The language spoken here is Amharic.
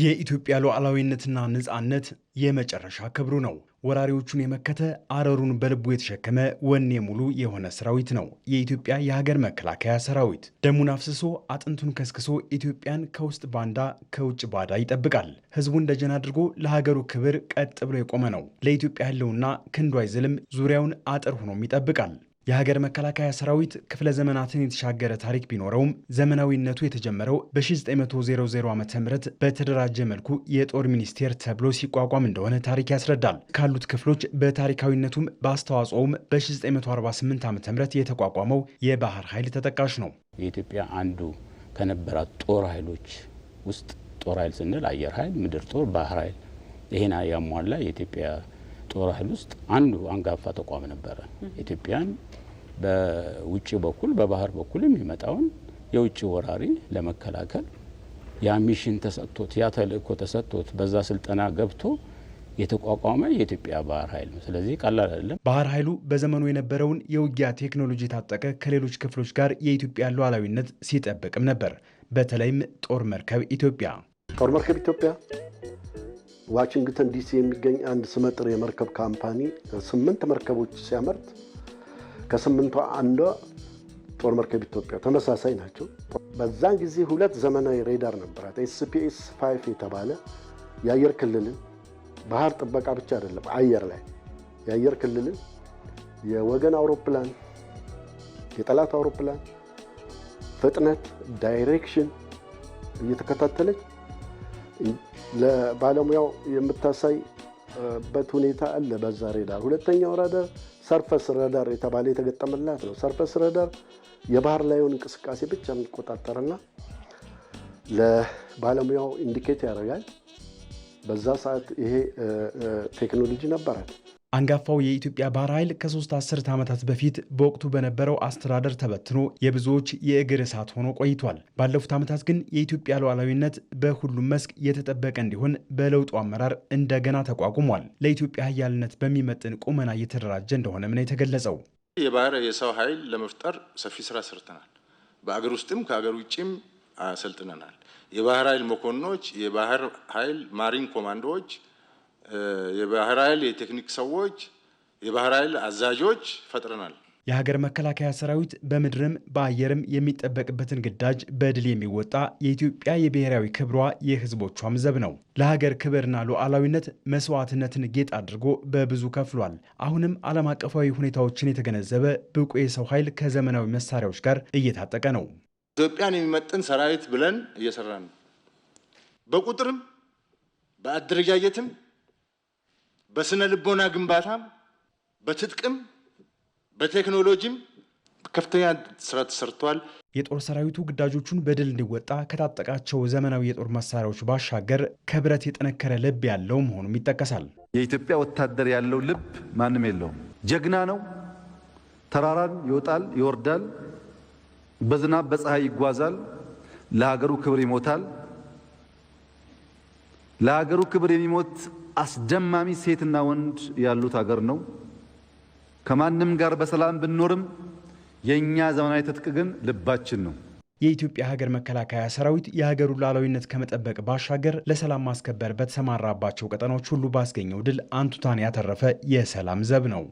የኢትዮጵያ ሉዓላዊነትና ነፃነት የመጨረሻ ክብሩ ነው። ወራሪዎቹን የመከተ አረሩን በልቡ የተሸከመ ወኔ ሙሉ የሆነ ሰራዊት ነው የኢትዮጵያ የሀገር መከላከያ ሰራዊት። ደሙን አፍስሶ አጥንቱን ከስክሶ ኢትዮጵያን ከውስጥ ባንዳ ከውጭ ባዳ ይጠብቃል። ህዝቡን ደጀን አድርጎ ለሀገሩ ክብር ቀጥ ብሎ የቆመ ነው። ለኢትዮጵያ ህልውና ክንዱ አይዝልም፣ ዙሪያውን አጥር ሆኖም ይጠብቃል። የሀገር መከላከያ ሰራዊት ክፍለ ዘመናትን የተሻገረ ታሪክ ቢኖረውም ዘመናዊነቱ የተጀመረው በ1900 ዓ ም በተደራጀ መልኩ የጦር ሚኒስቴር ተብሎ ሲቋቋም እንደሆነ ታሪክ ያስረዳል። ካሉት ክፍሎች በታሪካዊነቱም በአስተዋጽኦውም በ1948 ዓ ም የተቋቋመው የባህር ኃይል ተጠቃሽ ነው። የኢትዮጵያ አንዱ ከነበራት ጦር ኃይሎች ውስጥ ጦር ኃይል ስንል አየር ኃይል፣ ምድር ጦር፣ ባህር ኃይል ይሄን ያሟላ የኢትዮጵያ ጦር ኃይል ውስጥ አንዱ አንጋፋ ተቋም ነበረ። ኢትዮጵያን በውጭ በኩል በባህር በኩል የሚመጣውን የውጭ ወራሪ ለመከላከል ያ ሚሽን ተሰጥቶት ያ ተልእኮ ተሰጥቶት በዛ ስልጠና ገብቶ የተቋቋመ የኢትዮጵያ ባህር ኃይል ነው። ስለዚህ ቀላል አይደለም። ባህር ኃይሉ በዘመኑ የነበረውን የውጊያ ቴክኖሎጂ የታጠቀ ከሌሎች ክፍሎች ጋር የኢትዮጵያ ሉዓላዊነት ሲጠብቅም ነበር። በተለይም ጦር መርከብ ኢትዮጵያ ጦር መርከብ ኢትዮጵያ ዋሽንግተን ዲሲ የሚገኝ አንድ ስመጥር የመርከብ ካምፓኒ ስምንት መርከቦች ሲያመርት ከስምንቷ አንዷ ጦር መርከብ ኢትዮጵያ ተመሳሳይ ናቸው። በዛን ጊዜ ሁለት ዘመናዊ ሬዳር ነበራት። ኤስፒኤስ ፋይፍ የተባለ የአየር ክልልን ባህር ጥበቃ ብቻ አይደለም፣ አየር ላይ የአየር ክልልን የወገን አውሮፕላን፣ የጠላት አውሮፕላን ፍጥነት፣ ዳይሬክሽን እየተከታተለች ለባለሙያው የምታሳይበት ሁኔታ አለ በዛ ሬዳር። ሁለተኛው ራዳር ሰርፈስ ረዳር የተባለ የተገጠመላት ነው። ሰርፈስ ረዳር የባህር ላይን እንቅስቃሴ ብቻ የሚቆጣጠርና ለባለሙያው ኢንዲኬት ያደርጋል። በዛ ሰዓት ይሄ ቴክኖሎጂ ነበራት። አንጋፋው የኢትዮጵያ ባህር ኃይል ከሶስት አስርት ዓመታት በፊት በወቅቱ በነበረው አስተዳደር ተበትኖ የብዙዎች የእግር እሳት ሆኖ ቆይቷል። ባለፉት ዓመታት ግን የኢትዮጵያ ሉዓላዊነት በሁሉም መስክ የተጠበቀ እንዲሆን በለውጡ አመራር እንደገና ተቋቁሟል። ለኢትዮጵያ ኃያልነት በሚመጥን ቁመና እየተደራጀ እንደሆነም ነው የተገለጸው። የባህር የሰው ኃይል ለመፍጠር ሰፊ ስራ ሰርተናል። በአገር ውስጥም ከአገር ውጭም አሰልጥነናል። የባህር ኃይል መኮንኖች፣ የባህር ኃይል ማሪን ኮማንዶዎች የባህር ኃይል የቴክኒክ ሰዎች፣ የባህር ኃይል አዛዦች ፈጥረናል። የሀገር መከላከያ ሰራዊት በምድርም በአየርም የሚጠበቅበትን ግዳጅ በድል የሚወጣ የኢትዮጵያ የብሔራዊ ክብሯ የሕዝቦቿም ዘብ ነው። ለሀገር ክብርና ሉዓላዊነት መስዋዕትነትን ጌጥ አድርጎ በብዙ ከፍሏል። አሁንም ዓለም አቀፋዊ ሁኔታዎችን የተገነዘበ ብቁ የሰው ኃይል ከዘመናዊ መሳሪያዎች ጋር እየታጠቀ ነው። ኢትዮጵያን የሚመጥን ሰራዊት ብለን እየሰራን ነው። በቁጥርም በአደረጃጀትም በስነ ልቦና ግንባታም፣ በትጥቅም፣ በቴክኖሎጂም ከፍተኛ ስራ ተሰርቷል። የጦር ሰራዊቱ ግዳጆቹን በድል እንዲወጣ ከታጠቃቸው ዘመናዊ የጦር መሳሪያዎች ባሻገር ከብረት የጠነከረ ልብ ያለው መሆኑም ይጠቀሳል። የኢትዮጵያ ወታደር ያለው ልብ ማንም የለውም። ጀግና ነው። ተራራን ይወጣል፣ ይወርዳል፣ በዝናብ በፀሐይ ይጓዛል፣ ለሀገሩ ክብር ይሞታል። ለሀገሩ ክብር የሚሞት አስደማሚ ሴትና ወንድ ያሉት አገር ነው። ከማንም ጋር በሰላም ብንኖርም የእኛ ዘመናዊ ትጥቅ ግን ልባችን ነው። የኢትዮጵያ ሀገር መከላከያ ሰራዊት የሀገሩ ሉዓላዊነት ከመጠበቅ ባሻገር ለሰላም ማስከበር በተሰማራባቸው ቀጠናዎች ሁሉ ባስገኘው ድል አንቱታን ያተረፈ የሰላም ዘብ ነው።